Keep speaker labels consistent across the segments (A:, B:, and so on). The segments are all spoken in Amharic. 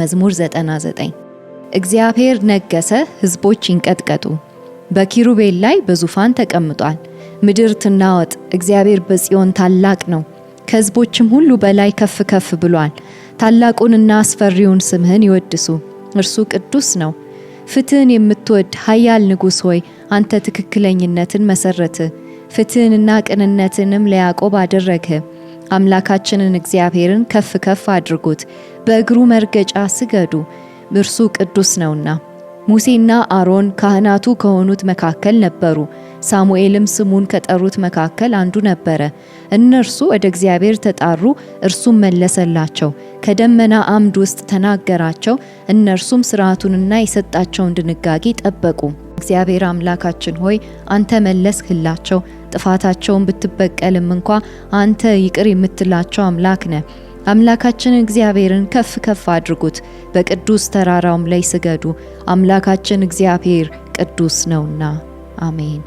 A: መዝሙር 99 እግዚአብሔር ነገሰ፣ ሕዝቦች ይንቀጥቀጡ። በኪሩቤል ላይ በዙፋን ተቀምጧል። ምድር ትናወጥ፣ እግዚአብሔር በጽዮን ታላቅ ነው፣ ከሕዝቦችም ሁሉ በላይ ከፍ ከፍ ብሏል። ታላቁንና አስፈሪውን ስምህን ይወድሱ፣ እርሱ ቅዱስ ነው። ፍትህን የምትወድ ኃያል ንጉሥ ሆይ አንተ ትክክለኝነትን መሰረት፣ ፍትህንና ቅንነትንም ለያዕቆብ አደረግህ። አምላካችንን እግዚአብሔርን ከፍ ከፍ አድርጉት፣ በእግሩ መርገጫ ስገዱ፣ እርሱ ቅዱስ ነውና። ሙሴና አሮን ካህናቱ ከሆኑት መካከል ነበሩ። ሳሙኤልም ስሙን ከጠሩት መካከል አንዱ ነበረ። እነርሱ ወደ እግዚአብሔር ተጣሩ፣ እርሱም መለሰላቸው። ከደመና አምድ ውስጥ ተናገራቸው፣ እነርሱም ሥርዓቱንና የሰጣቸውን ድንጋጌ ጠበቁ። እግዚአብሔር አምላካችን ሆይ አንተ መለስህላቸው። ጥፋታቸውን ብትበቀልም እንኳ አንተ ይቅር የምትላቸው አምላክ ነህ። አምላካችን እግዚአብሔርን ከፍ ከፍ አድርጉት፣ በቅዱስ ተራራውም ላይ ስገዱ፣ አምላካችን እግዚአብሔር ቅዱስ ነውና። አሜን።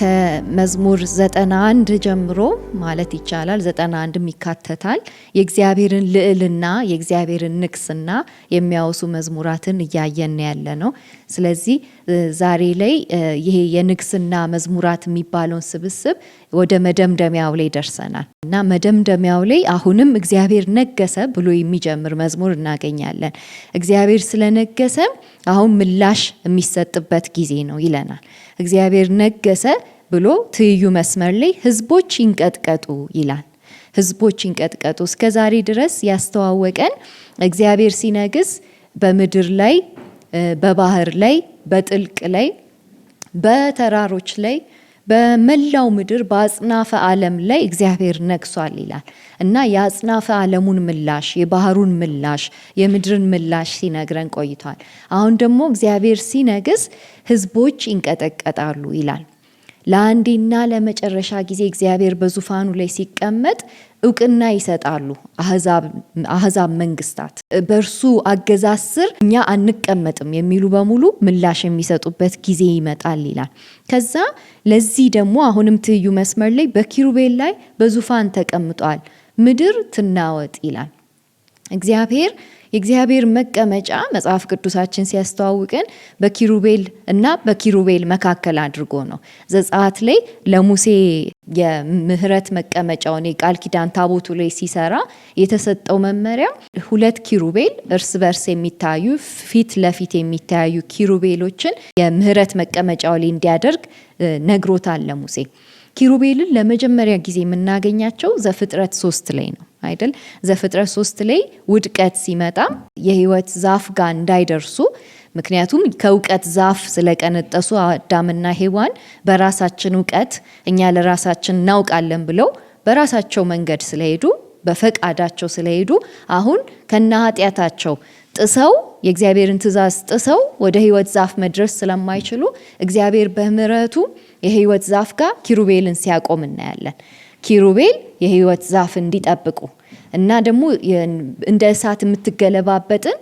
A: ከመዝሙር 91 ጀምሮ ማለት ይቻላል 91 ይካተታል። የእግዚአብሔርን ልዕልና የእግዚአብሔርን ንግስና የሚያወሱ መዝሙራትን እያየን ያለ ነው። ስለዚህ ዛሬ ላይ ይሄ የንግስና መዝሙራት የሚባለውን ስብስብ ወደ መደምደሚያው ላይ ደርሰናል እና መደምደሚያው ላይ አሁንም እግዚአብሔር ነገሰ ብሎ የሚጀምር መዝሙር እናገኛለን። እግዚአብሔር ስለነገሰ አሁን ምላሽ የሚሰጥበት ጊዜ ነው ይለናል። እግዚአብሔር ነገሰ ብሎ ትይዩ መስመር ላይ ህዝቦች ይንቀጥቀጡ ይላል። ህዝቦች ይንቀጥቀጡ። እስከ ዛሬ ድረስ ያስተዋወቀን እግዚአብሔር ሲነግስ በምድር ላይ በባህር ላይ በጥልቅ ላይ በተራሮች ላይ በመላው ምድር በአጽናፈ ዓለም ላይ እግዚአብሔር ነግሷል ይላል እና የአጽናፈ ዓለሙን ምላሽ የባህሩን ምላሽ የምድርን ምላሽ ሲነግረን ቆይቷል። አሁን ደግሞ እግዚአብሔር ሲነግስ ህዝቦች ይንቀጠቀጣሉ ይላል። ለአንዴና ለመጨረሻ ጊዜ እግዚአብሔር በዙፋኑ ላይ ሲቀመጥ እውቅና ይሰጣሉ አህዛብ መንግስታት። በእርሱ አገዛዝ ስር እኛ አንቀመጥም የሚሉ በሙሉ ምላሽ የሚሰጡበት ጊዜ ይመጣል ይላል። ከዛ ለዚህ ደግሞ አሁንም ትይዩ መስመር ላይ በኪሩቤል ላይ በዙፋን ተቀምጧል፣ ምድር ትናወጥ ይላል እግዚአብሔር የእግዚአብሔር መቀመጫ መጽሐፍ ቅዱሳችን ሲያስተዋውቅን በኪሩቤል እና በኪሩቤል መካከል አድርጎ ነው። ዘጸአት ላይ ለሙሴ የምህረት መቀመጫውን የቃል ኪዳን ታቦቱ ላይ ሲሰራ የተሰጠው መመሪያ ሁለት ኪሩቤል እርስ በርስ የሚታዩ ፊት ለፊት የሚታዩ ኪሩቤሎችን የምህረት መቀመጫው ላይ እንዲያደርግ ነግሮታል ለሙሴ። ኪሩቤልን ለመጀመሪያ ጊዜ የምናገኛቸው ዘፍጥረት ሶስት ላይ ነው አይደል? ዘፍጥረት ሶስት ላይ ውድቀት ሲመጣ የህይወት ዛፍ ጋር እንዳይደርሱ ምክንያቱም ከእውቀት ዛፍ ስለቀነጠሱ አዳምና ሔዋን በራሳችን እውቀት እኛ ለራሳችን እናውቃለን ብለው በራሳቸው መንገድ ስለሄዱ በፈቃዳቸው ስለሄዱ አሁን ከነ ኃጢአታቸው ጥሰው የእግዚአብሔርን ትእዛዝ ጥሰው ወደ ህይወት ዛፍ መድረስ ስለማይችሉ እግዚአብሔር በምረቱ የህይወት ዛፍ ጋር ኪሩቤልን ሲያቆም እናያለን። ኪሩቤል የህይወት ዛፍ እንዲጠብቁ እና ደግሞ እንደ እሳት የምትገለባበጥን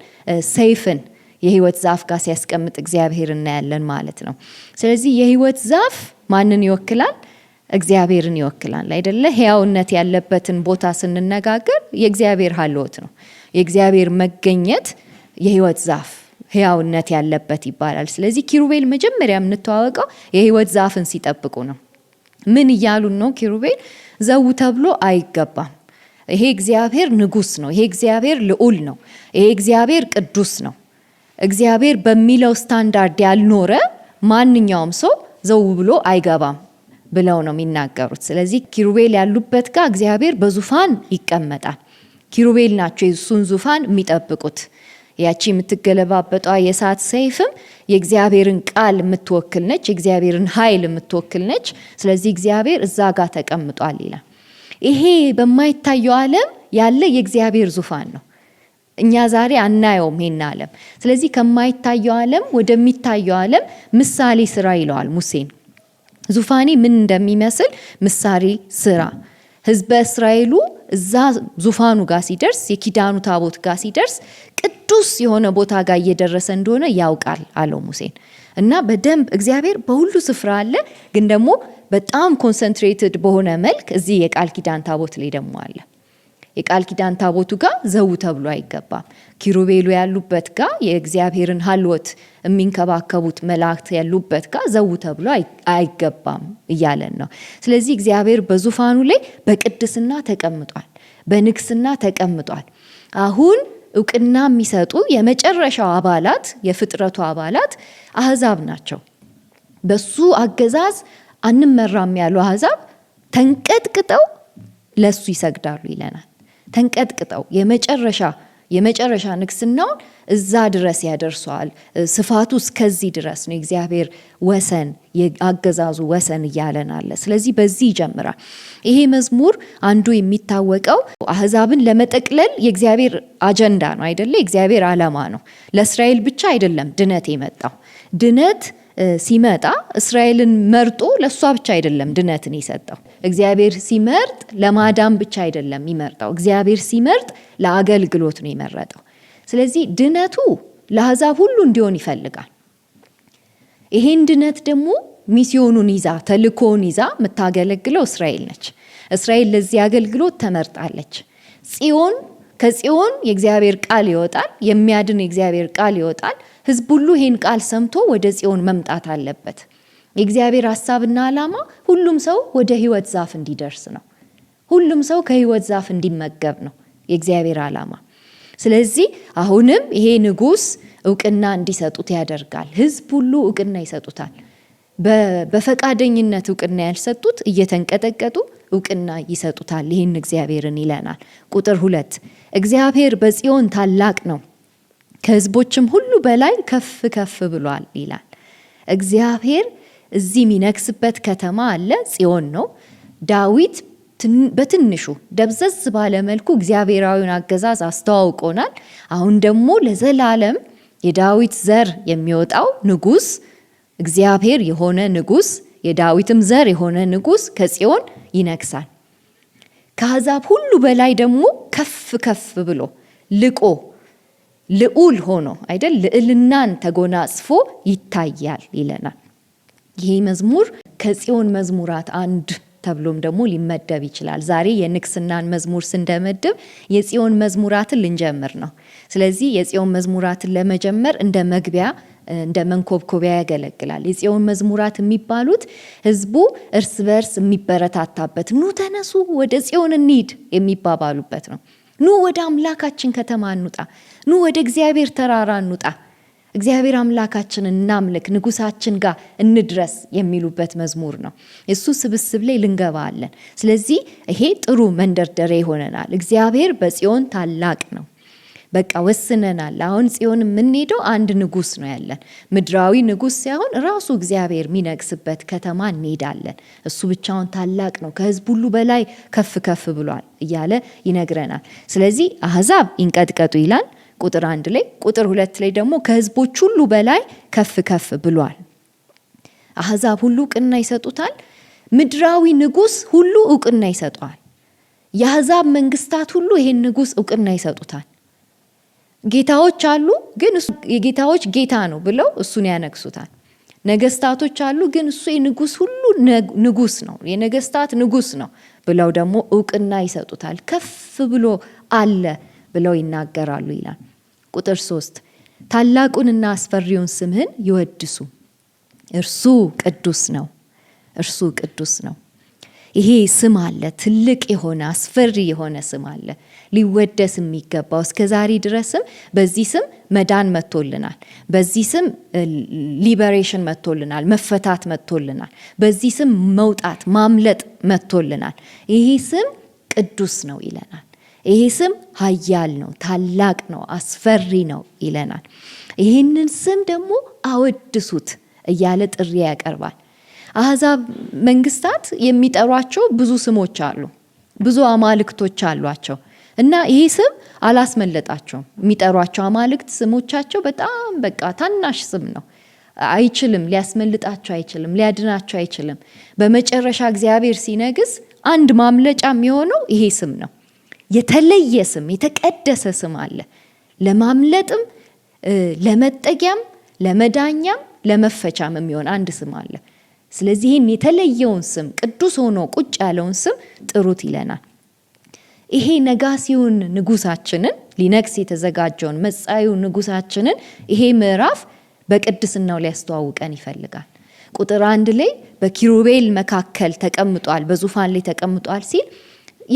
A: ሰይፍን የህይወት ዛፍ ጋር ሲያስቀምጥ እግዚአብሔር እናያለን ማለት ነው። ስለዚህ የህይወት ዛፍ ማንን ይወክላል? እግዚአብሔርን ይወክላል አይደለ? ህያውነት ያለበትን ቦታ ስንነጋገር የእግዚአብሔር ሀልወት ነው የእግዚአብሔር መገኘት የህይወት ዛፍ ህያውነት ያለበት ይባላል። ስለዚህ ኪሩቤል መጀመሪያ የምንተዋወቀው የህይወት ዛፍን ሲጠብቁ ነው። ምን እያሉን ነው? ኪሩቤል ዘው ተብሎ አይገባም። ይሄ እግዚአብሔር ንጉስ ነው። ይሄ እግዚአብሔር ልዑል ነው። ይሄ እግዚአብሔር ቅዱስ ነው። እግዚአብሔር በሚለው ስታንዳርድ ያልኖረ ማንኛውም ሰው ዘው ብሎ አይገባም ብለው ነው የሚናገሩት። ስለዚህ ኪሩቤል ያሉበት ጋር እግዚአብሔር በዙፋን ይቀመጣል። ኪሩቤል ናቸው የእሱን ዙፋን የሚጠብቁት። ያቺ የምትገለባበጧ የእሳት ሰይፍም የእግዚአብሔርን ቃል የምትወክል ነች፣ የእግዚአብሔርን ኃይል የምትወክል ነች። ስለዚህ እግዚአብሔር እዛ ጋር ተቀምጧል ይላል። ይሄ በማይታየው ዓለም ያለ የእግዚአብሔር ዙፋን ነው። እኛ ዛሬ አናየውም ይሄን ዓለም። ስለዚህ ከማይታየው ዓለም ወደሚታየው ዓለም ምሳሌ ስራ ይለዋል ሙሴን። ዙፋኔ ምን እንደሚመስል ምሳሌ ስራ ህዝበ እስራኤሉ እዛ ዙፋኑ ጋር ሲደርስ የኪዳኑ ታቦት ጋር ሲደርስ ቅዱስ የሆነ ቦታ ጋር እየደረሰ እንደሆነ ያውቃል አለው ሙሴን። እና በደንብ እግዚአብሔር በሁሉ ስፍራ አለ፣ ግን ደግሞ በጣም ኮንሰንትሬትድ በሆነ መልክ እዚህ የቃል ኪዳን ታቦት ላይ ደግሞ አለ። የቃል ኪዳን ታቦቱ ጋር ዘው ተብሎ አይገባም። ኪሩቤሉ ያሉበት ጋር የእግዚአብሔርን ሀልወት የሚንከባከቡት መላእክት ያሉበት ጋር ዘው ተብሎ አይገባም እያለን ነው። ስለዚህ እግዚአብሔር በዙፋኑ ላይ በቅድስና ተቀምጧል፣ በንግስና ተቀምጧል። አሁን እውቅና የሚሰጡ የመጨረሻው አባላት የፍጥረቱ አባላት አህዛብ ናቸው። በሱ አገዛዝ አንመራም ያሉ አህዛብ ተንቀጥቅጠው ለሱ ይሰግዳሉ ይለናል። ተንቀጥቅጠው የመጨረሻ የመጨረሻ ንግስናውን እዛ ድረስ ያደርሰዋል። ስፋቱ እስከዚህ ድረስ ነው የእግዚአብሔር ወሰን የአገዛዙ ወሰን እያለን አለ። ስለዚህ በዚህ ይጀምራል። ይሄ መዝሙር አንዱ የሚታወቀው አህዛብን ለመጠቅለል የእግዚአብሔር አጀንዳ ነው አይደለ? የእግዚአብሔር ዓላማ ነው። ለእስራኤል ብቻ አይደለም ድነት የመጣው ድነት ሲመጣ እስራኤልን መርጦ ለእሷ ብቻ አይደለም ድነትን የሰጠው። እግዚአብሔር ሲመርጥ ለማዳም ብቻ አይደለም ይመርጠው። እግዚአብሔር ሲመርጥ ለአገልግሎት ነው የመረጠው። ስለዚህ ድነቱ ለአሕዛብ ሁሉ እንዲሆን ይፈልጋል። ይሄን ድነት ደግሞ ሚስዮኑን ይዛ ተልኮውን ይዛ የምታገለግለው እስራኤል ነች። እስራኤል ለዚህ አገልግሎት ተመርጣለች። ጽዮን ከጽዮን የእግዚአብሔር ቃል ይወጣል፣ የሚያድን የእግዚአብሔር ቃል ይወጣል። ህዝብ ሁሉ ይህን ቃል ሰምቶ ወደ ጽዮን መምጣት አለበት። የእግዚአብሔር ሀሳብና ዓላማ ሁሉም ሰው ወደ ህይወት ዛፍ እንዲደርስ ነው። ሁሉም ሰው ከህይወት ዛፍ እንዲመገብ ነው የእግዚአብሔር ዓላማ። ስለዚህ አሁንም ይሄ ንጉስ እውቅና እንዲሰጡት ያደርጋል። ህዝብ ሁሉ እውቅና ይሰጡታል። በፈቃደኝነት እውቅና ያልሰጡት እየተንቀጠቀጡ እውቅና ይሰጡታል። ይህን እግዚአብሔርን ይለናል። ቁጥር ሁለት እግዚአብሔር በጽዮን ታላቅ ነው፣ ከህዝቦችም ሁሉ በላይ ከፍ ከፍ ብሏል ይላል። እግዚአብሔር እዚህ የሚነግስበት ከተማ አለ፣ ጽዮን ነው። ዳዊት በትንሹ ደብዘዝ ባለ መልኩ እግዚአብሔራዊን አገዛዝ አስተዋውቆናል። አሁን ደግሞ ለዘላለም የዳዊት ዘር የሚወጣው ንጉስ እግዚአብሔር የሆነ ንጉስ የዳዊትም ዘር የሆነ ንጉስ ከጽዮን ይነግሳል። ከአሕዛብ ሁሉ በላይ ደግሞ ከፍ ከፍ ብሎ ልቆ ልዑል ሆኖ አይደል ልዕልናን ተጎናጽፎ ይታያል ይለናል። ይሄ መዝሙር ከጽዮን መዝሙራት አንድ ተብሎም ደግሞ ሊመደብ ይችላል። ዛሬ የንግስናን መዝሙር ስንደመድብ የጽዮን መዝሙራትን ልንጀምር ነው። ስለዚህ የጽዮን መዝሙራትን ለመጀመር እንደ መግቢያ እንደ መንኮብኮቢያ ያገለግላል። የጽዮን መዝሙራት የሚባሉት ህዝቡ እርስ በርስ የሚበረታታበት ኑ ተነሱ፣ ወደ ጽዮን እንሂድ የሚባባሉበት ነው። ኑ ወደ አምላካችን ከተማ እንውጣ፣ ኑ ወደ እግዚአብሔር ተራራ እንውጣ እግዚአብሔር አምላካችን እናምልክ፣ ንጉሳችን ጋር እንድረስ የሚሉበት መዝሙር ነው። እሱ ስብስብ ላይ ልንገባለን ስለዚህ ይሄ ጥሩ መንደርደሪያ ይሆነናል። እግዚአብሔር በጽዮን ታላቅ ነው። በቃ ወስነናል። አሁን ጽዮን የምንሄደው አንድ ንጉስ ነው ያለን። ምድራዊ ንጉስ ሳይሆን ራሱ እግዚአብሔር የሚነግስበት ከተማ እንሄዳለን። እሱ ብቻውን ታላቅ ነው፣ ከህዝብ ሁሉ በላይ ከፍ ከፍ ብሏል እያለ ይነግረናል። ስለዚህ አህዛብ ይንቀጥቀጡ ይላል። ቁጥር አንድ ላይ ቁጥር ሁለት ላይ ደግሞ ከህዝቦች ሁሉ በላይ ከፍ ከፍ ብሏል። አህዛብ ሁሉ እውቅና ይሰጡታል። ምድራዊ ንጉስ ሁሉ እውቅና ይሰጠዋል። የአህዛብ መንግስታት ሁሉ ይሄን ንጉስ እውቅና ይሰጡታል። ጌታዎች አሉ ግን የጌታዎች ጌታ ነው ብለው እሱን ያነግሱታል። ነገስታቶች አሉ ግን እሱ የንጉስ ሁሉ ንጉስ ነው የነገስታት ንጉስ ነው ብለው ደግሞ እውቅና ይሰጡታል። ከፍ ብሎ አለ ብለው ይናገራሉ ይላል። ቁጥር ሶስት ታላቁንና አስፈሪውን ስምህን ይወድሱ፣ እርሱ ቅዱስ ነው፣ እርሱ ቅዱስ ነው። ይሄ ስም አለ፣ ትልቅ የሆነ አስፈሪ የሆነ ስም አለ፣ ሊወደስ የሚገባው እስከ ዛሬ ድረስም በዚህ ስም መዳን መጥቶልናል። በዚህ ስም ሊበሬሽን መጥቶልናል፣ መፈታት መጥቶልናል። በዚህ ስም መውጣት ማምለጥ መጥቶልናል። ይሄ ስም ቅዱስ ነው ይለናል። ይሄ ስም ኃያል ነው፣ ታላቅ ነው፣ አስፈሪ ነው ይለናል። ይህንን ስም ደግሞ አወድሱት እያለ ጥሪ ያቀርባል። አህዛብ መንግስታት የሚጠሯቸው ብዙ ስሞች አሉ፣ ብዙ አማልክቶች አሏቸው እና ይሄ ስም አላስመለጣቸውም። የሚጠሯቸው አማልክት ስሞቻቸው በጣም በቃ ታናሽ ስም ነው። አይችልም፣ ሊያስመልጣቸው አይችልም፣ ሊያድናቸው አይችልም። በመጨረሻ እግዚአብሔር ሲነግስ አንድ ማምለጫ የሚሆነው ይሄ ስም ነው። የተለየ ስም የተቀደሰ ስም አለ። ለማምለጥም ለመጠጊያም ለመዳኛም ለመፈቻም የሚሆን አንድ ስም አለ። ስለዚህ ይህን የተለየውን ስም ቅዱስ ሆኖ ቁጭ ያለውን ስም ጥሩት ይለናል። ይሄ ነጋሲውን ንጉሳችንን ሊነግስ የተዘጋጀውን መጻዩ ንጉሳችንን ይሄ ምዕራፍ በቅድስናው ሊያስተዋውቀን ይፈልጋል። ቁጥር አንድ ላይ በኪሩቤል መካከል ተቀምጧል፣ በዙፋን ላይ ተቀምጧል ሲል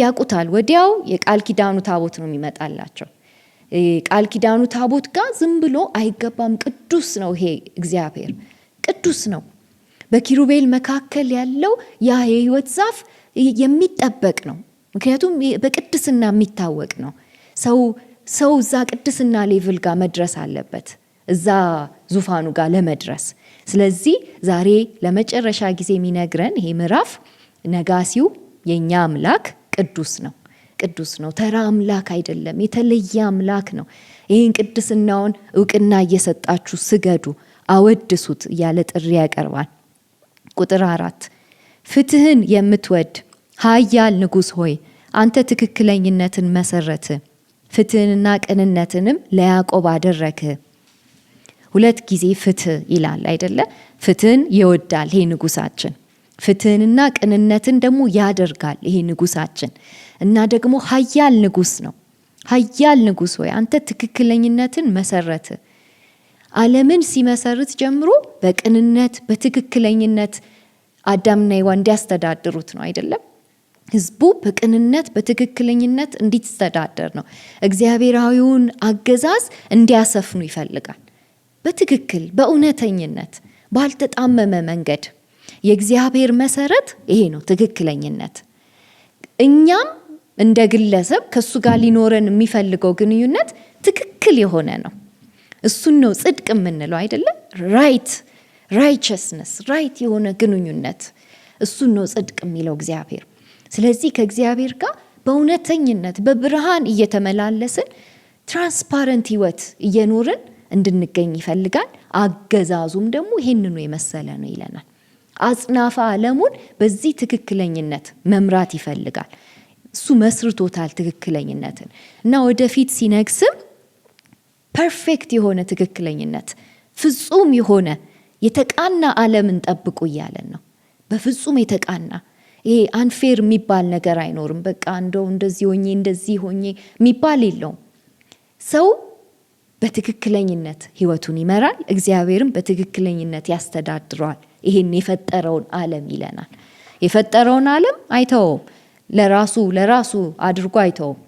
A: ያውቁታል። ወዲያው የቃል ኪዳኑ ታቦት ነው የሚመጣላቸው። ቃል ኪዳኑ ታቦት ጋር ዝም ብሎ አይገባም። ቅዱስ ነው ይሄ እግዚአብሔር ቅዱስ ነው። በኪሩቤል መካከል ያለው ያ የህይወት ዛፍ የሚጠበቅ ነው። ምክንያቱም በቅድስና የሚታወቅ ነው። ሰው ሰው እዛ ቅድስና ሌቭል ጋር መድረስ አለበት እዛ ዙፋኑ ጋር ለመድረስ። ስለዚህ ዛሬ ለመጨረሻ ጊዜ የሚነግረን ይሄ ምዕራፍ ነጋሲው የእኛ አምላክ ቅዱስ ነው፣ ቅዱስ ነው። ተራ አምላክ አይደለም፣ የተለየ አምላክ ነው። ይህን ቅድስናውን እውቅና እየሰጣችሁ ስገዱ፣ አወድሱት እያለ ጥሪ ያቀርባል። ቁጥር አራት ፍትህን የምትወድ ኃያል ንጉሥ ሆይ አንተ ትክክለኝነትን መሰረት ፍትህንና ቅንነትንም ለያዕቆብ አደረክ። ሁለት ጊዜ ፍትህ ይላል አይደለ? ፍትህን ይወዳል ይህ ንጉሳችን። ፍትህንና ቅንነትን ደግሞ ያደርጋል ይሄ ንጉሳችን እና ደግሞ ሀያል ንጉስ ነው። ሀያል ንጉስ ሆይ አንተ ትክክለኝነትን መሰረት አለምን ሲመሰርት ጀምሮ በቅንነት በትክክለኝነት አዳምና ሔዋን እንዲያስተዳድሩት ነው አይደለም። ህዝቡ በቅንነት በትክክለኝነት እንዲተዳደር ነው። እግዚአብሔራዊውን አገዛዝ እንዲያሰፍኑ ይፈልጋል። በትክክል በእውነተኝነት ባልተጣመመ መንገድ የእግዚአብሔር መሰረት ይሄ ነው፣ ትክክለኝነት። እኛም እንደ ግለሰብ ከእሱ ጋር ሊኖረን የሚፈልገው ግንኙነት ትክክል የሆነ ነው። እሱን ነው ጽድቅ የምንለው አይደለም። ራይት ራይቸስነስ፣ ራይት የሆነ ግንኙነት እሱን ነው ጽድቅ የሚለው እግዚአብሔር። ስለዚህ ከእግዚአብሔር ጋር በእውነተኝነት በብርሃን እየተመላለስን ትራንስፓረንት ህይወት እየኖርን እንድንገኝ ይፈልጋል። አገዛዙም ደግሞ ይህንኑ የመሰለ ነው ይለናል። አጽናፈ ዓለሙን በዚህ ትክክለኝነት መምራት ይፈልጋል። እሱ መስርቶታል ትክክለኝነትን እና ወደፊት ሲነግስም ፐርፌክት የሆነ ትክክለኝነት ፍጹም የሆነ የተቃና ዓለምን ጠብቁ እያለን ነው። በፍጹም የተቃና ይሄ አንፌር የሚባል ነገር አይኖርም። በቃ እንደው እንደዚህ ሆኜ እንደዚህ ሆኜ የሚባል የለውም። ሰው በትክክለኝነት ህይወቱን ይመራል፣ እግዚአብሔርም በትክክለኝነት ያስተዳድረዋል። ይህን የፈጠረውን ዓለም ይለናል። የፈጠረውን ዓለም አይተውም፣ ለራሱ ለራሱ አድርጎ አይተውም።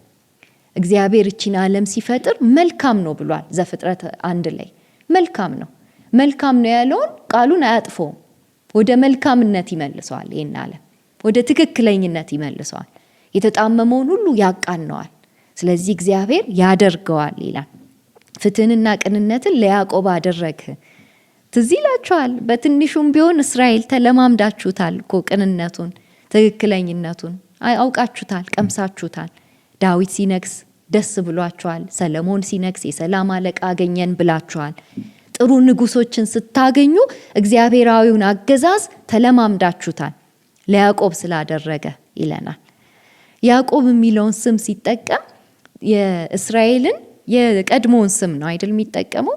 A: እግዚአብሔር እቺን ዓለም ሲፈጥር መልካም ነው ብሏል። ዘፍጥረት አንድ ላይ መልካም ነው መልካም ነው ያለውን ቃሉን አያጥፎም ወደ መልካምነት ይመልሰዋል። ይህን ዓለም ወደ ትክክለኝነት ይመልሰዋል። የተጣመመውን ሁሉ ያቃነዋል። ስለዚህ እግዚአብሔር ያደርገዋል ይላል። ፍትህንና ቅንነትን ለያዕቆብ አደረግህ ትዝ ይላችኋል። በትንሹም ቢሆን እስራኤል ተለማምዳችሁታል እኮ ቅንነቱን፣ ትክክለኝነቱን አውቃችሁታል፣ ቀምሳችሁታል። ዳዊት ሲነግስ ደስ ብሏችኋል። ሰለሞን ሲነግስ የሰላም አለቃ አገኘን ብላችኋል። ጥሩ ንጉሶችን ስታገኙ እግዚአብሔራዊውን አገዛዝ ተለማምዳችሁታል። ለያዕቆብ ስላደረገ ይለናል። ያዕቆብ የሚለውን ስም ሲጠቀም የእስራኤልን የቀድሞውን ስም ነው አይደል የሚጠቀመው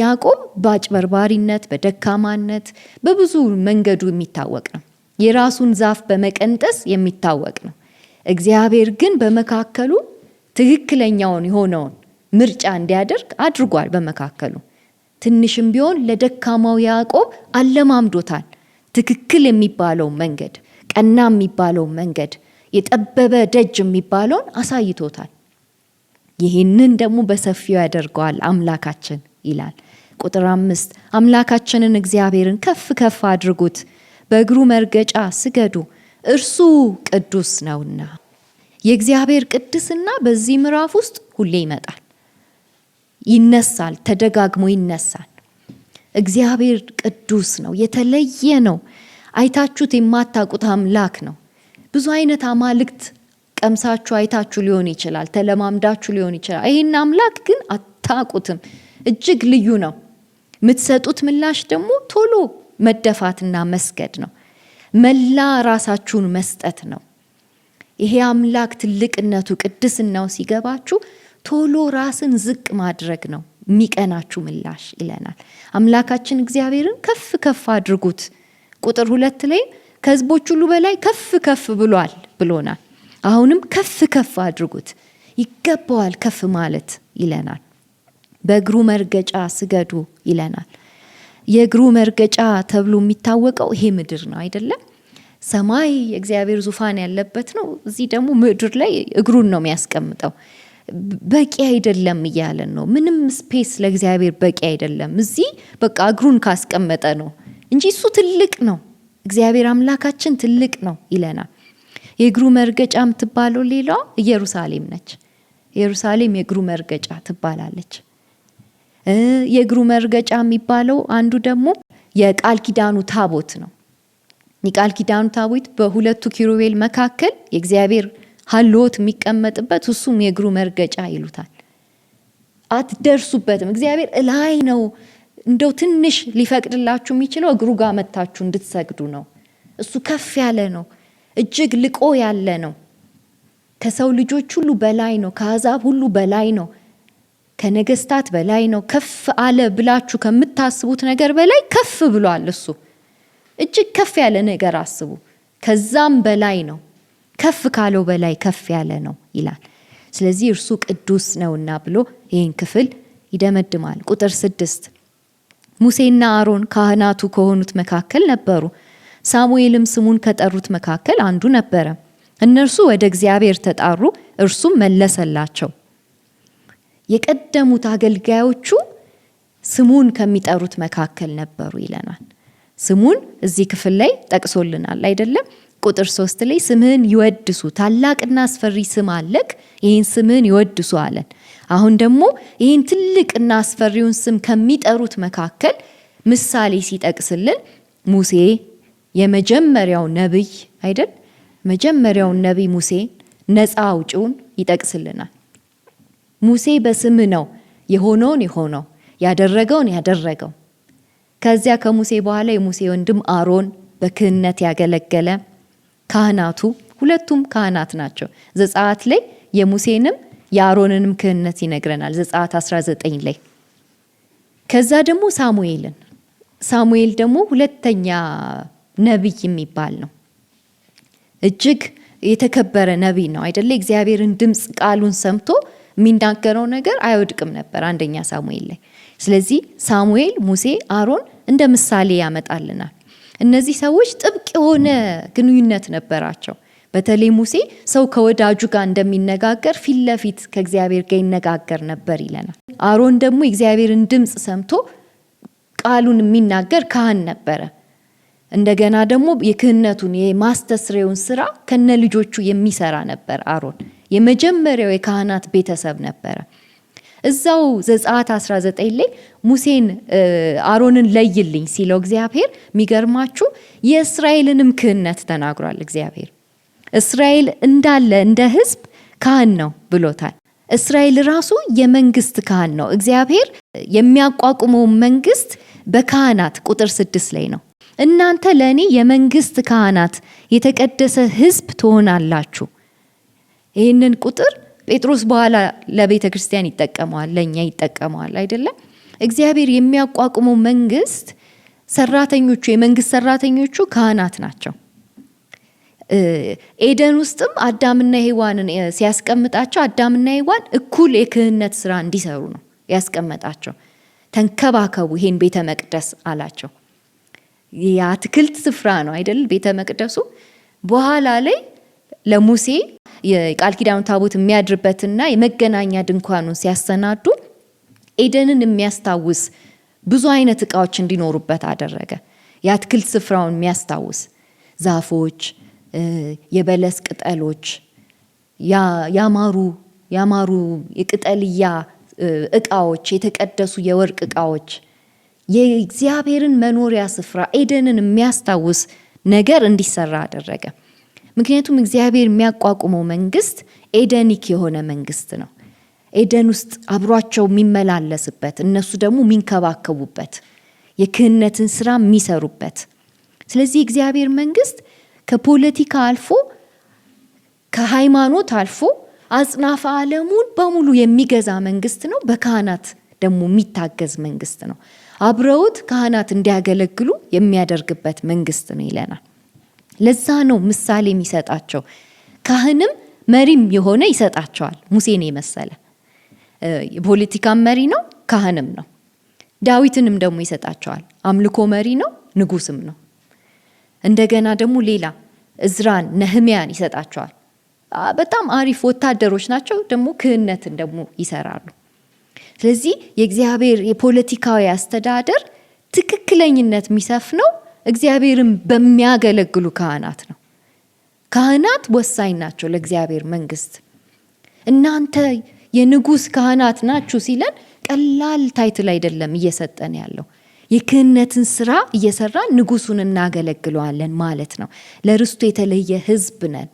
A: ያዕቆብ በአጭበርባሪነት፣ በደካማነት በብዙ መንገዱ የሚታወቅ ነው። የራሱን ዛፍ በመቀንጠስ የሚታወቅ ነው። እግዚአብሔር ግን በመካከሉ ትክክለኛውን የሆነውን ምርጫ እንዲያደርግ አድርጓል። በመካከሉ ትንሽም ቢሆን ለደካማው ያዕቆብ አለማምዶታል። ትክክል የሚባለው መንገድ፣ ቀና የሚባለው መንገድ፣ የጠበበ ደጅ የሚባለውን አሳይቶታል። ይህንን ደግሞ በሰፊው ያደርገዋል አምላካችን። ይላል። ቁጥር አምስት አምላካችንን እግዚአብሔርን ከፍ ከፍ አድርጉት፣ በእግሩ መርገጫ ስገዱ፣ እርሱ ቅዱስ ነውና። የእግዚአብሔር ቅድስና በዚህ ምዕራፍ ውስጥ ሁሌ ይመጣል፣ ይነሳል፣ ተደጋግሞ ይነሳል። እግዚአብሔር ቅዱስ ነው፣ የተለየ ነው፣ አይታችሁት የማታውቁት አምላክ ነው። ብዙ አይነት አማልክት ቀምሳችሁ አይታችሁ ሊሆን ይችላል፣ ተለማምዳችሁ ሊሆን ይችላል። ይህን አምላክ ግን አታውቁትም። እጅግ ልዩ ነው። የምትሰጡት ምላሽ ደግሞ ቶሎ መደፋትና መስገድ ነው። መላ ራሳችሁን መስጠት ነው። ይሄ አምላክ ትልቅነቱ ቅድስናው ሲገባችሁ ቶሎ ራስን ዝቅ ማድረግ ነው የሚቀናችሁ ምላሽ ይለናል አምላካችን። እግዚአብሔርን ከፍ ከፍ አድርጉት። ቁጥር ሁለት ላይ ከህዝቦች ሁሉ በላይ ከፍ ከፍ ብሏል ብሎናል። አሁንም ከፍ ከፍ አድርጉት፣ ይገባዋል ከፍ ማለት ይለናል። በእግሩ መርገጫ ስገዱ ይለናል። የእግሩ መርገጫ ተብሎ የሚታወቀው ይሄ ምድር ነው አይደለም? ሰማይ የእግዚአብሔር ዙፋን ያለበት ነው። እዚህ ደግሞ ምድር ላይ እግሩን ነው የሚያስቀምጠው። በቂ አይደለም እያለን ነው። ምንም ስፔስ ለእግዚአብሔር በቂ አይደለም። እዚህ በቃ እግሩን ካስቀመጠ ነው እንጂ እሱ ትልቅ ነው። እግዚአብሔር አምላካችን ትልቅ ነው ይለናል። የእግሩ መርገጫ የምትባለው ሌላዋ ኢየሩሳሌም ነች። ኢየሩሳሌም የእግሩ መርገጫ ትባላለች። የእግሩ መርገጫ የሚባለው አንዱ ደግሞ የቃል ኪዳኑ ታቦት ነው። የቃል ኪዳኑ ታቦት በሁለቱ ኪሩቤል መካከል የእግዚአብሔር ሀልዎት የሚቀመጥበት እሱም የእግሩ መርገጫ ይሉታል። አትደርሱበትም። እግዚአብሔር እላይ ነው። እንደው ትንሽ ሊፈቅድላችሁ የሚችለው እግሩ ጋር መታችሁ እንድትሰግዱ ነው። እሱ ከፍ ያለ ነው፣ እጅግ ልቆ ያለ ነው። ከሰው ልጆች ሁሉ በላይ ነው፣ ከአሕዛብ ሁሉ በላይ ነው። ከነገስታት በላይ ነው፣ ከፍ አለ ብላችሁ ከምታስቡት ነገር በላይ ከፍ ብሏል። እሱ እጅግ ከፍ ያለ ነገር አስቡ። ከዛም በላይ ነው፣ ከፍ ካለው በላይ ከፍ ያለ ነው ይላል። ስለዚህ እርሱ ቅዱስ ነውና ብሎ ይህን ክፍል ይደመድማል። ቁጥር ስድስት ሙሴና አሮን ካህናቱ ከሆኑት መካከል ነበሩ። ሳሙኤልም ስሙን ከጠሩት መካከል አንዱ ነበረ። እነርሱ ወደ እግዚአብሔር ተጣሩ፣ እርሱም መለሰላቸው። የቀደሙት አገልጋዮቹ ስሙን ከሚጠሩት መካከል ነበሩ ይለናል። ስሙን እዚህ ክፍል ላይ ጠቅሶልናል አይደለም? ቁጥር ሶስት ላይ ስምህን ይወድሱ ታላቅና አስፈሪ ስም አለክ፣ ይህን ስምህን ይወድሱ አለን። አሁን ደግሞ ይህን ትልቅና አስፈሪውን ስም ከሚጠሩት መካከል ምሳሌ ሲጠቅስልን ሙሴ የመጀመሪያው ነቢይ አይደል? መጀመሪያውን ነቢይ ሙሴ ነፃ አውጪውን ይጠቅስልናል። ሙሴ በስም ነው የሆነውን የሆነው ያደረገውን ያደረገው። ከዚያ ከሙሴ በኋላ የሙሴ ወንድም አሮን በክህነት ያገለገለ ካህናቱ ሁለቱም ካህናት ናቸው። ዘጸአት ላይ የሙሴንም የአሮንንም ክህነት ይነግረናል። ዘጸአት 19 ላይ ከዛ ደግሞ ሳሙኤልን ሳሙኤል ደግሞ ሁለተኛ ነቢይ የሚባል ነው። እጅግ የተከበረ ነቢይ ነው አይደለ? እግዚአብሔርን ድምፅ ቃሉን ሰምቶ የሚናገረው ነገር አይወድቅም ነበር አንደኛ ሳሙኤል ላይ። ስለዚህ ሳሙኤል፣ ሙሴ፣ አሮን እንደ ምሳሌ ያመጣልናል። እነዚህ ሰዎች ጥብቅ የሆነ ግንኙነት ነበራቸው። በተለይ ሙሴ ሰው ከወዳጁ ጋር እንደሚነጋገር ፊት ለፊት ከእግዚአብሔር ጋር ይነጋገር ነበር ይለናል። አሮን ደግሞ የእግዚአብሔርን ድምፅ ሰምቶ ቃሉን የሚናገር ካህን ነበረ። እንደገና ደግሞ የክህነቱን የማስተስሬውን ስራ ከነ ልጆቹ የሚሰራ ነበር አሮን። የመጀመሪያው የካህናት ቤተሰብ ነበረ። እዛው ዘጸአት 19 ላይ ሙሴን አሮንን ለይልኝ ሲለው እግዚአብሔር የሚገርማችሁ የእስራኤልንም ክህነት ተናግሯል። እግዚአብሔር እስራኤል እንዳለ እንደ ሕዝብ ካህን ነው ብሎታል። እስራኤል ራሱ የመንግስት ካህን ነው። እግዚአብሔር የሚያቋቁመውን መንግስት በካህናት ቁጥር ስድስት ላይ ነው እናንተ ለእኔ የመንግስት ካህናት የተቀደሰ ሕዝብ ትሆናላችሁ ይህንን ቁጥር ጴጥሮስ በኋላ ለቤተ ክርስቲያን ይጠቀመዋል፣ ለእኛ ይጠቀመዋል። አይደለም እግዚአብሔር የሚያቋቁመው መንግስት ሰራተኞቹ የመንግስት ሰራተኞቹ ካህናት ናቸው። ኤደን ውስጥም አዳምና ሔዋንን ሲያስቀምጣቸው አዳምና ሔዋን እኩል የክህነት ስራ እንዲሰሩ ነው ያስቀመጣቸው። ተንከባከቡ ይሄን ቤተ መቅደስ አላቸው። የአትክልት ስፍራ ነው አይደል ቤተ መቅደሱ። በኋላ ላይ ለሙሴ የቃል ኪዳኑ ታቦት የሚያድርበትና የመገናኛ ድንኳኑን ሲያሰናዱ ኤደንን የሚያስታውስ ብዙ አይነት እቃዎች እንዲኖሩበት አደረገ። የአትክልት ስፍራውን የሚያስታውስ ዛፎች፣ የበለስ ቅጠሎች፣ ያማሩ ያማሩ የቅጠልያ እቃዎች፣ የተቀደሱ የወርቅ እቃዎች፣ የእግዚአብሔርን መኖሪያ ስፍራ ኤደንን የሚያስታውስ ነገር እንዲሰራ አደረገ። ምክንያቱም እግዚአብሔር የሚያቋቁመው መንግስት ኤደኒክ የሆነ መንግስት ነው። ኤደን ውስጥ አብሯቸው የሚመላለስበት እነሱ ደግሞ የሚንከባከቡበት የክህነትን ስራ የሚሰሩበት። ስለዚህ እግዚአብሔር መንግስት ከፖለቲካ አልፎ ከሃይማኖት አልፎ አጽናፈ ዓለሙን በሙሉ የሚገዛ መንግስት ነው። በካህናት ደግሞ የሚታገዝ መንግስት ነው። አብረውት ካህናት እንዲያገለግሉ የሚያደርግበት መንግስት ነው ይለናል። ለዛ ነው ምሳሌ የሚሰጣቸው። ካህንም መሪም የሆነ ይሰጣቸዋል። ሙሴን የመሰለ የፖለቲካም መሪ ነው፣ ካህንም ነው። ዳዊትንም ደግሞ ይሰጣቸዋል። አምልኮ መሪ ነው፣ ንጉስም ነው። እንደገና ደግሞ ሌላ እዝራን፣ ነህሚያን ይሰጣቸዋል። በጣም አሪፍ ወታደሮች ናቸው። ደግሞ ክህነትን ደግሞ ይሰራሉ። ስለዚህ የእግዚአብሔር የፖለቲካዊ አስተዳደር ትክክለኝነት የሚሰፍነው እግዚአብሔርን በሚያገለግሉ ካህናት ነው። ካህናት ወሳኝ ናቸው ለእግዚአብሔር መንግስት። እናንተ የንጉሥ ካህናት ናችሁ ሲለን ቀላል ታይትል አይደለም እየሰጠን ያለው የክህነትን ስራ እየሰራ ንጉሱን እናገለግለዋለን ማለት ነው። ለርስቱ የተለየ ህዝብ ነን፣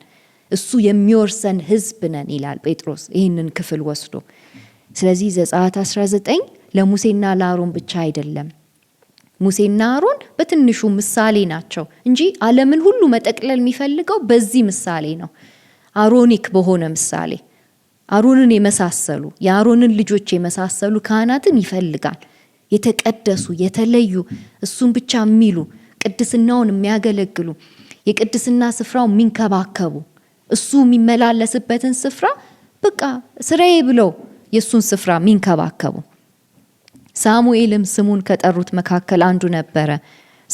A: እሱ የሚወርሰን ህዝብ ነን ይላል ጴጥሮስ ይህንን ክፍል ወስዶ። ስለዚህ ዘጸአት 19 ለሙሴና ለአሮን ብቻ አይደለም ሙሴና አሮን በትንሹ ምሳሌ ናቸው እንጂ ዓለምን ሁሉ መጠቅለል የሚፈልገው በዚህ ምሳሌ ነው። አሮኒክ በሆነ ምሳሌ አሮንን የመሳሰሉ የአሮንን ልጆች የመሳሰሉ ካህናትን ይፈልጋል። የተቀደሱ የተለዩ እሱን ብቻ የሚሉ ቅድስናውን የሚያገለግሉ የቅድስና ስፍራው የሚንከባከቡ እሱ የሚመላለስበትን ስፍራ በቃ ስራዬ ብለው የእሱን ስፍራ የሚንከባከቡ ሳሙኤልም ስሙን ከጠሩት መካከል አንዱ ነበረ።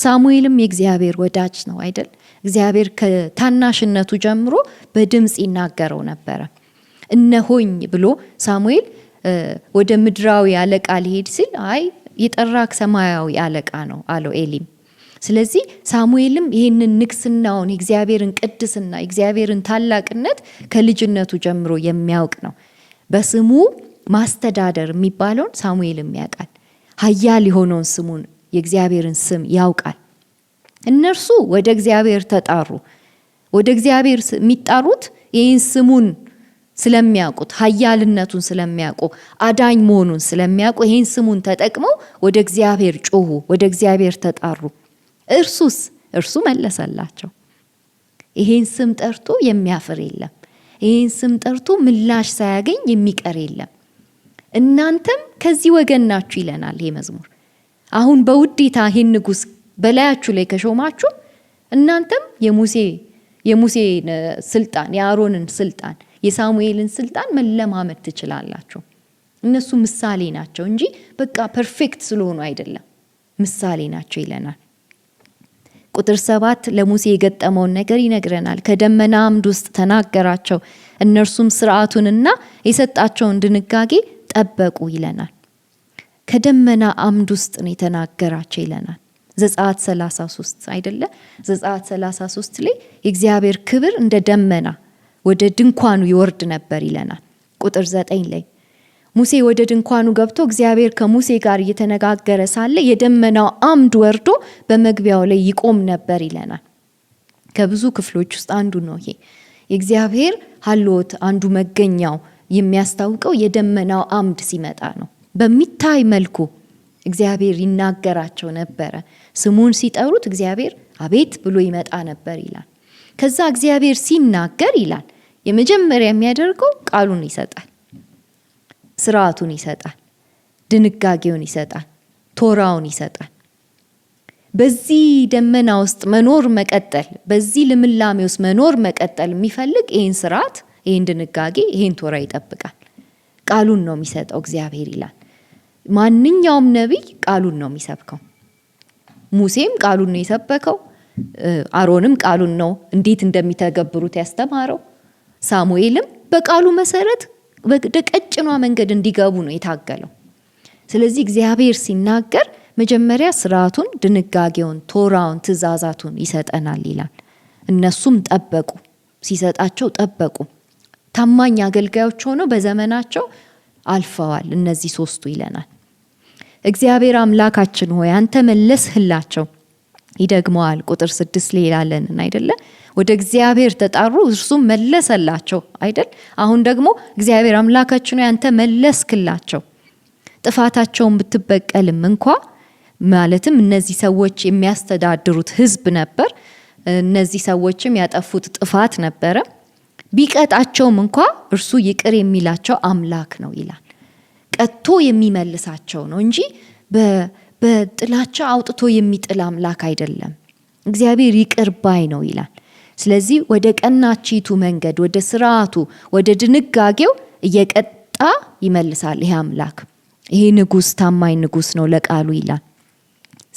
A: ሳሙኤልም የእግዚአብሔር ወዳጅ ነው አይደል? እግዚአብሔር ከታናሽነቱ ጀምሮ በድምፅ ይናገረው ነበረ። እነሆኝ ብሎ ሳሙኤል ወደ ምድራዊ አለቃ ሊሄድ ሲል አይ የጠራክ ሰማያዊ አለቃ ነው አለው ኤሊም። ስለዚህ ሳሙኤልም ይህንን ንግስናውን የእግዚአብሔርን ቅድስና የእግዚአብሔርን ታላቅነት ከልጅነቱ ጀምሮ የሚያውቅ ነው። በስሙ ማስተዳደር የሚባለውን ሳሙኤልም ያውቃል። ኃያል የሆነውን ስሙን የእግዚአብሔርን ስም ያውቃል። እነርሱ ወደ እግዚአብሔር ተጣሩ። ወደ እግዚአብሔር የሚጣሩት ይህን ስሙን ስለሚያውቁት ኃያልነቱን ስለሚያውቁ አዳኝ መሆኑን ስለሚያውቁ ይህን ስሙን ተጠቅመው ወደ እግዚአብሔር ጮሁ፣ ወደ እግዚአብሔር ተጣሩ። እርሱስ እርሱ መለሰላቸው። ይህን ስም ጠርቶ የሚያፍር የለም። ይህን ስም ጠርቶ ምላሽ ሳያገኝ የሚቀር የለም። እናንተም ከዚህ ወገን ናችሁ ይለናል ይህ መዝሙር። አሁን በውዴታ ይህን ንጉስ በላያችሁ ላይ ከሾማችሁ እናንተም የሙሴ የሙሴን ስልጣን የአሮንን ስልጣን የሳሙኤልን ስልጣን መለማመድ ትችላላችሁ። እነሱ ምሳሌ ናቸው እንጂ በቃ ፐርፌክት ስለሆኑ አይደለም፣ ምሳሌ ናቸው ይለናል። ቁጥር ሰባት ለሙሴ የገጠመውን ነገር ይነግረናል። ከደመና አምድ ውስጥ ተናገራቸው፣ እነርሱም ስርዓቱንና የሰጣቸውን ድንጋጌ ጠበቁ ይለናል። ከደመና አምድ ውስጥ ነው የተናገራቸው ይለናል። ዘጸአት 33 አይደለ? ዘጸአት 33 ላይ የእግዚአብሔር ክብር እንደ ደመና ወደ ድንኳኑ ይወርድ ነበር ይለናል። ቁጥር 9 ላይ ሙሴ ወደ ድንኳኑ ገብቶ እግዚአብሔር ከሙሴ ጋር እየተነጋገረ ሳለ የደመናው አምድ ወርዶ በመግቢያው ላይ ይቆም ነበር ይለናል። ከብዙ ክፍሎች ውስጥ አንዱ ነው ይሄ የእግዚአብሔር ሀልዎት አንዱ መገኛው የሚያስታውቀው የደመናው አምድ ሲመጣ ነው። በሚታይ መልኩ እግዚአብሔር ይናገራቸው ነበረ። ስሙን ሲጠሩት እግዚአብሔር አቤት ብሎ ይመጣ ነበር ይላል። ከዛ እግዚአብሔር ሲናገር ይላል የመጀመሪያ የሚያደርገው ቃሉን ይሰጣል፣ ስርዓቱን ይሰጣል፣ ድንጋጌውን ይሰጣል፣ ቶራውን ይሰጣል። በዚህ ደመና ውስጥ መኖር መቀጠል፣ በዚህ ልምላሜ ውስጥ መኖር መቀጠል የሚፈልግ ይህን ስርዓት ይህን ድንጋጌ ይህን ቶራ ይጠብቃል። ቃሉን ነው የሚሰጠው እግዚአብሔር ይላል። ማንኛውም ነቢይ ቃሉን ነው የሚሰብከው። ሙሴም ቃሉን ነው የሰበከው። አሮንም ቃሉን ነው እንዴት እንደሚተገብሩት ያስተማረው። ሳሙኤልም በቃሉ መሰረት ቀጭኗ መንገድ እንዲገቡ ነው የታገለው። ስለዚህ እግዚአብሔር ሲናገር መጀመሪያ ስርዓቱን፣ ድንጋጌውን፣ ቶራውን፣ ትእዛዛቱን ይሰጠናል ይላል። እነሱም ጠበቁ፣ ሲሰጣቸው ጠበቁ። ታማኝ አገልጋዮች ሆነው በዘመናቸው አልፈዋል። እነዚህ ሶስቱ ይለናል። እግዚአብሔር አምላካችን ሆይ አንተ መለስህላቸው። ይደግመዋል። ቁጥር ስድስት ላይ አይደለ? ወደ እግዚአብሔር ተጣሩ እርሱም መለሰላቸው አይደል? አሁን ደግሞ እግዚአብሔር አምላካችን ሆይ አንተ መለስክላቸው። ጥፋታቸውን ብትበቀልም እንኳ ማለትም እነዚህ ሰዎች የሚያስተዳድሩት ህዝብ ነበር። እነዚህ ሰዎችም ያጠፉት ጥፋት ነበረም ቢቀጣቸውም እንኳ እርሱ ይቅር የሚላቸው አምላክ ነው ይላል። ቀጥቶ የሚመልሳቸው ነው እንጂ በጥላቻ አውጥቶ የሚጥል አምላክ አይደለም። እግዚአብሔር ይቅር ባይ ነው ይላል። ስለዚህ ወደ ቀናቺቱ መንገድ፣ ወደ ስርዓቱ፣ ወደ ድንጋጌው እየቀጣ ይመልሳል ይሄ አምላክ። ይሄ ንጉስ ታማኝ ንጉስ ነው ለቃሉ ይላል።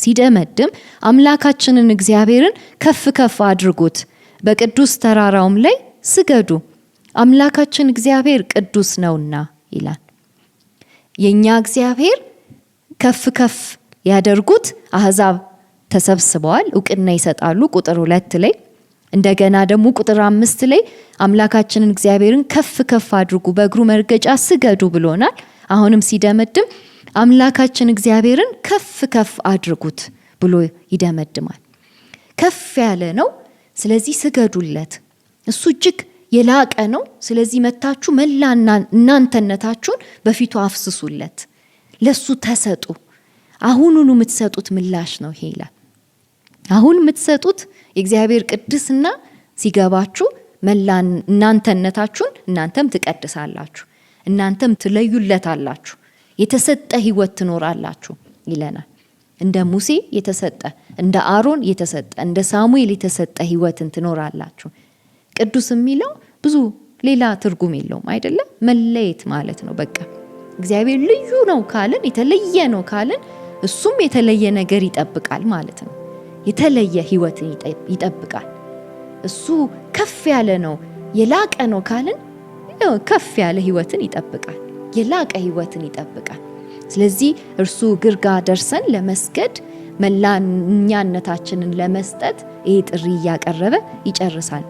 A: ሲደመድም አምላካችንን እግዚአብሔርን ከፍ ከፍ አድርጉት በቅዱስ ተራራውም ላይ ስገዱ አምላካችን እግዚአብሔር ቅዱስ ነውና ይላል። የእኛ እግዚአብሔር ከፍ ከፍ ያደርጉት አህዛብ ተሰብስበዋል፣ እውቅና ይሰጣሉ። ቁጥር ሁለት ላይ እንደገና ደግሞ ቁጥር አምስት ላይ አምላካችንን እግዚአብሔርን ከፍ ከፍ አድርጉ፣ በእግሩ መርገጫ ስገዱ ብሎናል። አሁንም ሲደመድም አምላካችን እግዚአብሔርን ከፍ ከፍ አድርጉት ብሎ ይደመድማል። ከፍ ያለ ነው። ስለዚህ ስገዱለት። እሱ እጅግ የላቀ ነው። ስለዚህ መታችሁ መላ እናንተነታችሁን በፊቱ አፍስሱለት፣ ለሱ ተሰጡ። አሁኑኑ የምትሰጡት ምላሽ ነው ይሄ ይላል። አሁን የምትሰጡት የእግዚአብሔር ቅድስና ሲገባችሁ መላ እናንተነታችሁን እናንተም ትቀድሳላችሁ፣ እናንተም ትለዩለታላችሁ፣ የተሰጠ ህይወት ትኖራላችሁ ይለናል። እንደ ሙሴ የተሰጠ እንደ አሮን የተሰጠ እንደ ሳሙኤል የተሰጠ ህይወትን ትኖራላችሁ ቅዱስ የሚለው ብዙ ሌላ ትርጉም የለውም አይደለም። መለየት ማለት ነው በቃ እግዚአብሔር ልዩ ነው ካልን የተለየ ነው ካልን እሱም የተለየ ነገር ይጠብቃል ማለት ነው። የተለየ ህይወትን ይጠብቃል። እሱ ከፍ ያለ ነው የላቀ ነው ካልን ከፍ ያለ ህይወትን ይጠብቃል። የላቀ ህይወትን ይጠብቃል። ስለዚህ እርሱ ግርጋ ደርሰን ለመስገድ መላኛነታችንን ለመስጠት ይሄ ጥሪ እያቀረበ ይጨርሳል።